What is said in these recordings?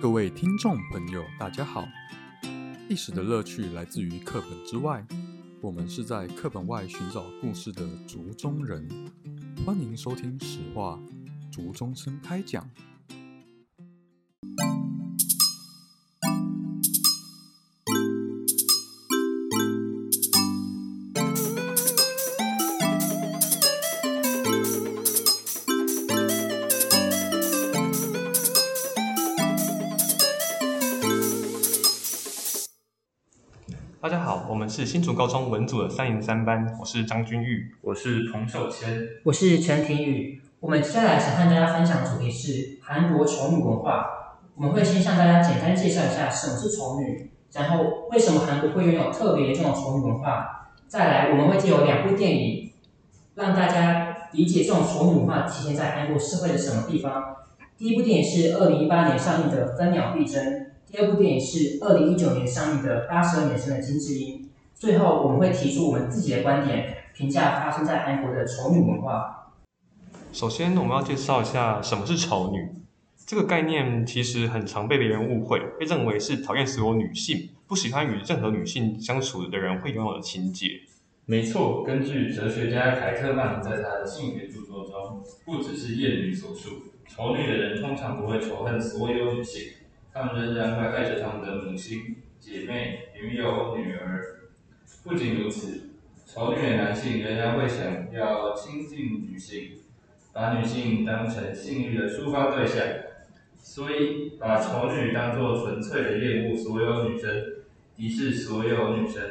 各位聽眾朋友，大家好。歷史的樂趣來自於課本之外，我們是在課本外尋找故事的竹中人。歡迎收聽史話《竹中生開講》。我們是新竹高中文組的三年三班，我是張鈞煜，我是彭守謙，我是陳庭宇。我們接下來想和大家分享主題是韓國仇女文化。我們會先向大家簡單介紹一下什麼是仇女，然後為什麼韓國會擁有特別嚴重的仇女文化。再來，我們會借由兩部電影，讓大家理解這種仇女文化體現在韓國社會的什麼地方。第一部電影是二零一八年上映的《分秒必爭》。第二部電影是二零一九年上映的《八十二年生的金智英》。最後，我們會提出我們自己的觀點，評價發生在韓國的仇女文化。首先，我們要介紹一下什麼是仇女。這個概念其實很常被別人誤會，被認為是討厭所有女性、不喜歡與任何女性相處的人會擁有的情節。沒錯，根據哲學家凱特曼在他的性別著作中，不只是諺語所述，仇女的人通常不會仇恨所有女性。他們仍然會愛着他們的母親、姐妹、女友、女兒。不僅如此，仇女的男性仍然會想要親近女性，把女性當成性慾的抒發對象。所以，把仇女當作純粹的厭惡所有女生、敵視所有女生，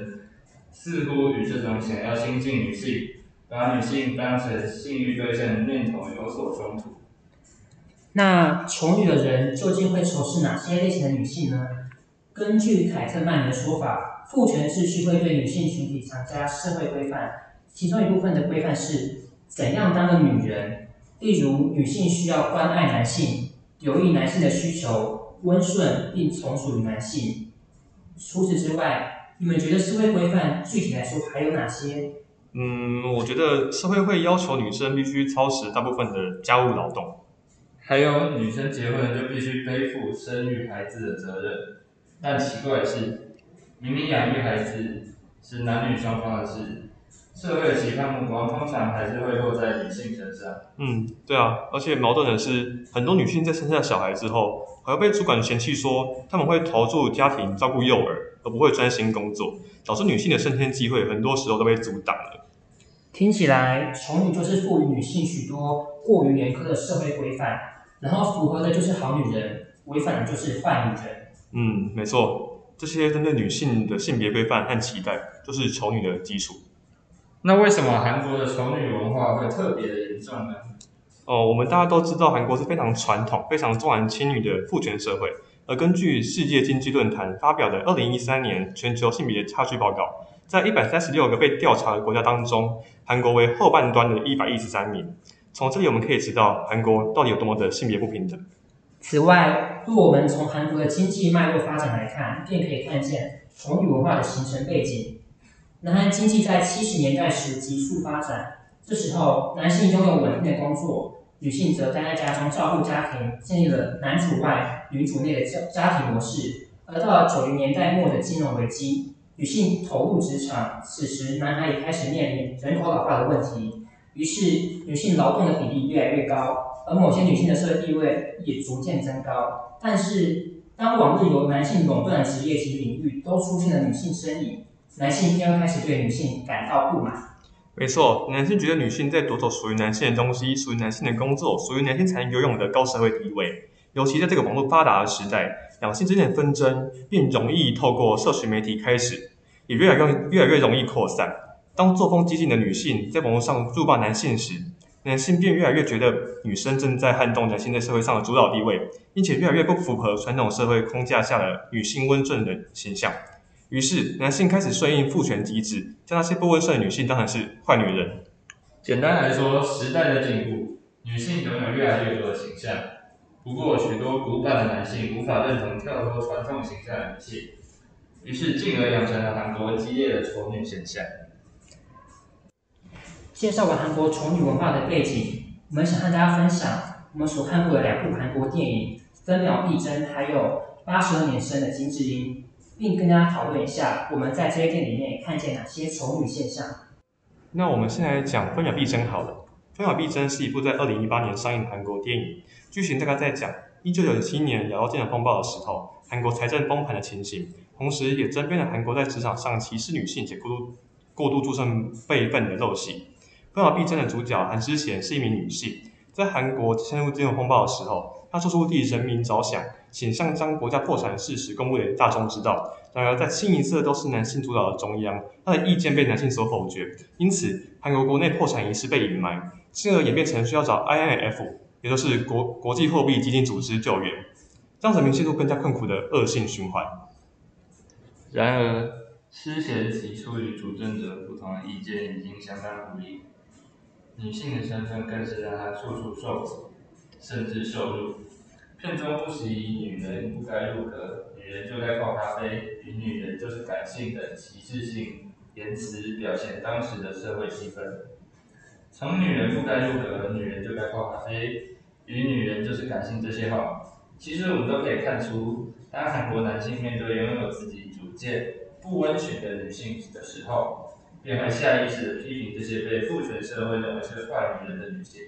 似乎與這種想要親近女性、把女性當成性慾對象的念頭有所衝突。那仇女的人究竟會仇視哪些類型的女性呢？根據凱特曼的說法，父權秩序會對女性群體強加社會規範，其中一部分的規範是怎樣當個女人。例如，女性需要關愛男性，留意男性的需求，溫順並從屬於男性。除此之外，你們覺得社會規範具體來說還有哪些？嗯，我覺得社會會要求女生必須操持大部分的家務勞動。還有女生結婚就必須背負生育孩子的責任，但奇怪的是，明明養育孩子是男女雙方的事，社會的其他目光通常還是會落在女性身上。嗯，對啊，而且矛盾的是，很多女性在生下小孩之後，還會被主管嫌棄說他們會投注家庭照顧幼兒，而不會專心工作，導致女性的升遷機會很多時候都被阻擋了。聽起來，仇女就是賦予女性許多過於嚴苛的社會規範。然後符合的就是好女人，違反的就是壞女人。嗯，沒錯，這些針對女性的性別規範和期待，就是仇女的基礎。那為什麼韓國的仇女文化會特別的嚴重呢？嗯？哦，我們大家都知道，韓國是非常傳統、非常重男輕女的父權社會。而根據世界經濟論壇發表的二零一三年全球性別差距報告，在一百三十六個被調查的國家當中，韓國為後半段的一百一十三名。從這裡我們可以知道，韓國到底有多麼的性別不平等。此外，若我們從韓國的經濟脈絡發展來看，便可以看見仇女文化的形成背景。南韓經濟在七十年代時急速發展，這時候男性擁有穩定的工作，女性則待在家中照顧家庭，建立了男主外、女主內的家家庭模式。而到了九零年代末的金融危機，女性投入職場，此時南韓也開始面臨人口老化的問題。於是，女性勞動的比例越來越高，而某些女性的社會地位也逐漸增高。但是，當往日由男性壟斷的職業及領域都出現了女性身影，男性將開始對女性感到不滿。沒錯，男性覺得女性在奪走屬於男性的東西，屬於男性的工作，屬於男性才能擁有的高社會地位。尤其在這個網絡發達的時代，兩性之間的紛爭便容易透過社群媒體開始，也越來越越來越容易擴散。當作風激進的女性在網絡上辱罵男性時，男性便越來越覺得女生正在撼動男性在社會上的主導地位，並且越來越不符合傳統社會框架下的女性溫順的形象。於是，男性開始順應父權機制，將那些不溫順的女性當成是壞女人。簡單來說，時代的進步，女性擁有了越來越多的形象，不過許多古板的男性無法認同跳脫傳統形象的女性，於是進而養成了很多激烈的仇女現象。介紹完韓國仇女文化的背景，我們想和大家分享我們所看過的兩部韓國電影《分秒必爭》還有《八十二年生的金智英》，並跟大家討論一下我們在這些電影裡面看見哪些仇女現象。那我們先來講《分秒必爭》好了，《分秒必爭》是一部在二零一八年上映的韓國電影，劇情大概在講一九九七年亞洲金融風暴的時候，韓國財政崩盤的情形，同時也針砭了韓國在職場上歧視女性且過度過度注重輩分的陋習。《分秒必爭》的主角韓詩賢是一名女性，在韓國陷入金融風暴的時候，她說出替人民着想、請向將國家破產事實公布的大眾知道。然而，在清一色都是男性主導的中央，她的意見被男性所否決，因此韓國國內破產一事被隱瞞，進而演變成需要找 IMF，也就是國國際貨幣基金組織救援，讓人民陷入更加困苦的惡性循環。然而，詩賢提出與主政者不同的意見，已經相當不利。女性的身份更是讓她處處受阻，甚至受辱。片中不時以“女人不該入閣”“女人就該泡咖啡”“與女人就是感性”的歧視性言辭表現當時的社會氣氛。從“女人不該入閣”“女人就該泡咖啡”“與女人就是感性”這些話，其實我們都可以看出，當韓國男性面對擁有自己主見、不溫順的女性的時候。便還下意識地批評這些被父權社會認為是壞女人的女性。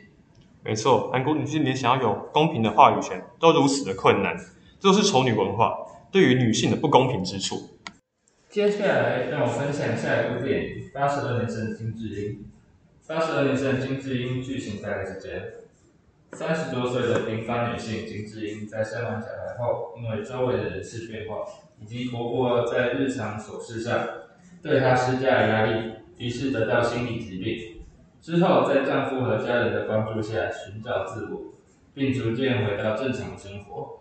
沒錯，韓國女性連想要有公平的話語權都如此的困難，這都是仇女文化對於女性的不公平之處。接下來讓我分享下一部電影《82年生的金智英》。《82年生的金智英》年智英劇情在什麼？三十多歲的平凡女性金智英在生完小孩後，因為周圍的人事變化以及婆婆在日常瑣事上。對她施加了壓力，於是得到心理疾病，之後在丈夫和家人的幫助下尋找自我，並逐漸回到正常生活。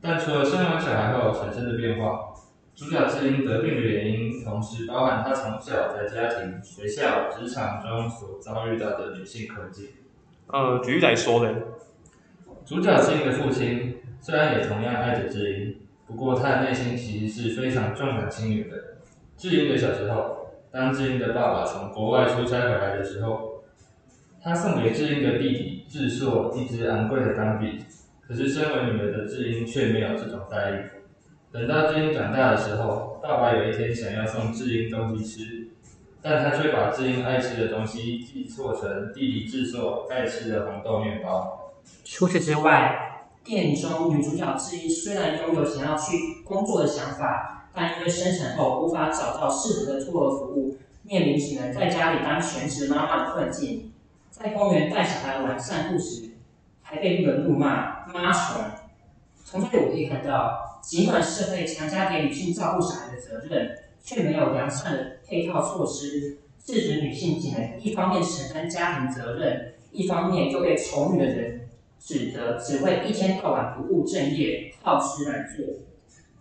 但除了生完小孩後產生的變化，主角智英得病的原因，同時包含她從小在家庭、學校、職場中所遭遇到的女性困境。呃，舉例來說呢，主角智英的父親雖然也同樣愛着志英，不過他的內心其實是非常重男輕女的。智英的小時候，當智英的爸爸從國外出差回來的時候，他送給智英的弟弟智碩一支昂貴的鋼筆。可是身為女兒的智英卻沒有這種待遇。等到智英長大的時候，爸爸有一天想要送智英東西吃，但他卻把智英愛吃的東西記錯成弟弟智碩愛吃的紅豆麵包。除此之外，電影中女主角智英雖然擁有，有想要去工作的想法。但因為生產後無法找到適合的托兒服務，面臨只能在家裡當全職媽媽的困境。在公園帶小孩玩散步時，還被路人怒罵“媽蟲”。從這裡我可以看到，儘管社會強加給女性照顧小孩的責任，卻沒有良善的配套措施，致使女性只能一方面承擔家庭責任，一方面又被仇女的人指責只會一天到晚不務正業、好吃懶做。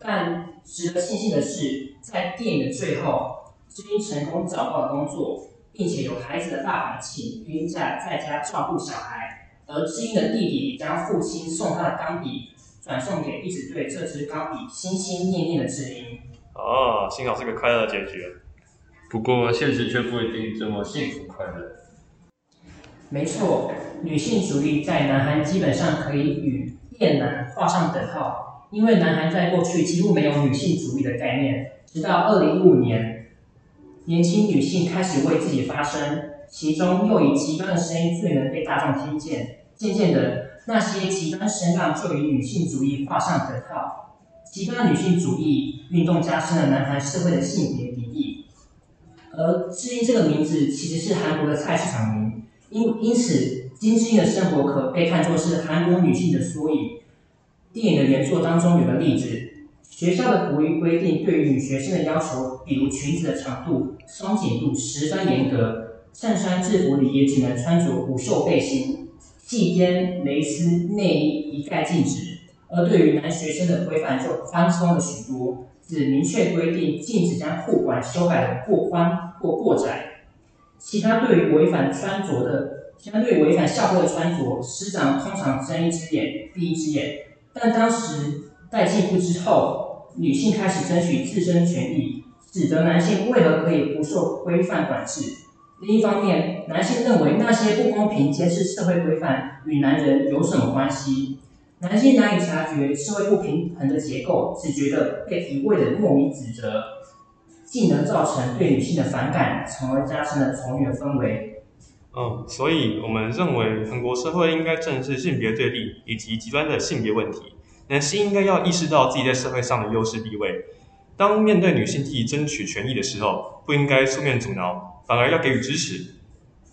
但值得慶幸的是，在電影的最後，智英成功找到了工作，並且有孩子的爸爸請育嬰假在家照顧小孩，而智英的弟弟也將父親送他的鋼筆轉送給一直對這支鋼筆心心念念的智英。哦，幸好是個快樂結局，不過現實卻不一定這麼幸福快樂。沒錯，女性主義在南韓基本上可以與厭男畫上等號。因為南韓在過去幾乎沒有女性主義的概念，直到二零一五年，年輕女性開始為自己發聲，其中又以極端的聲音最能被大眾聽見。漸漸的那些極端聲浪就與女性主義畫上等號。極端女性主義運動加深了南韓社會的性別敵意。而智英這個名字其實是韓國的菜市場名，因因此金智英的生活可被看作是韓國女性的縮影。電影的原作當中有個例子：學校的國語規定對於女學生的要求，比如裙子的長度、鬆緊度，十分嚴格；襯衫制服裡也只能穿着無袖背心，繫肩蕾絲內衣一概禁止。而對於男學生的規範就寬鬆了許多，只明確規定禁止將褲管修改得過寬或過窄。其他對於違反穿着的，相對違反校規的穿着，師長通常睜一隻眼閉一隻眼。但當時代進步之後，女性開始爭取自身權益，指責男性為何可以不受規範管制。另一方面，男性認為那些不公平皆是社會規範，與男人有什麼關係？男性難以察覺社會不平衡的結構，只覺得被一味的莫名指責，進而造成對女性的反感，從而加深了仇女的氛圍。嗯，所以我們認為韓國社會應該正視性別對立以及極端的性別問題。男性應該要意識到自己在社會上的優勢地位。當面對女性替爭取權益的時候，不應該出面阻撓，反而要給予支持。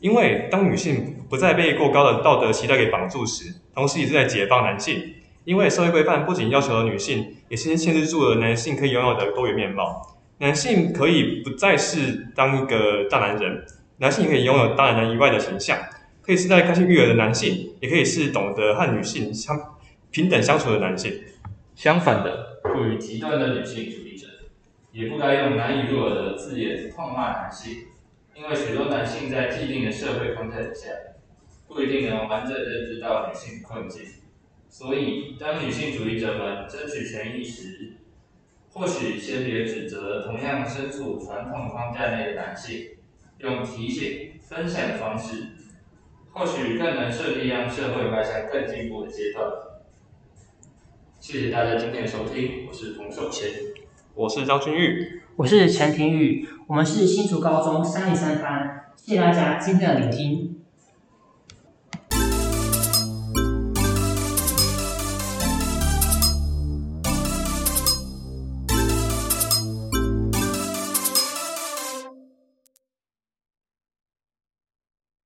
因為當女性不再被過高的道德期待給綁住時，同時也是在解放男性。因為社會規範不僅要求了女性，也先限制住了男性可以擁有的多元面貌。男性可以不再是當一個大男人。男性可以擁有大男人以外的形象，可以是在開心育兒的男性，也可以是懂得和女性相平等相處的男性。相反的，過於極端的女性主義者，也不該用難以入耳的字眼痛罵男性，因為許多男性在既定的社會框架下，不一定能完整的知道女性的困境。所以，當女性主義者們爭取權益時，或許先別指責同樣身處傳統框架內的男性。用提醒、分享的方式，或許更能順利讓社會邁向更進步的階段。謝謝大家今天的收聽，我是彭守謙，我是張鈞煜，我是陳庭宇，我們是新竹高中三年三班，謝謝大家今天的聆聽。